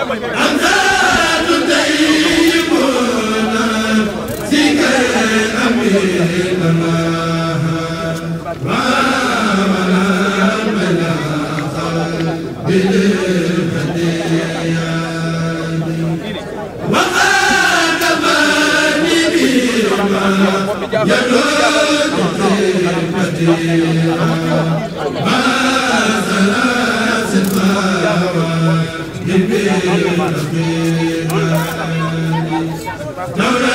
ما Dawla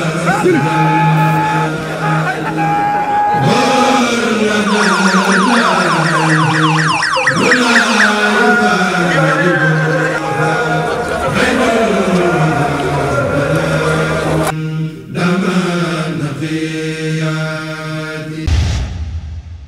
Yeah.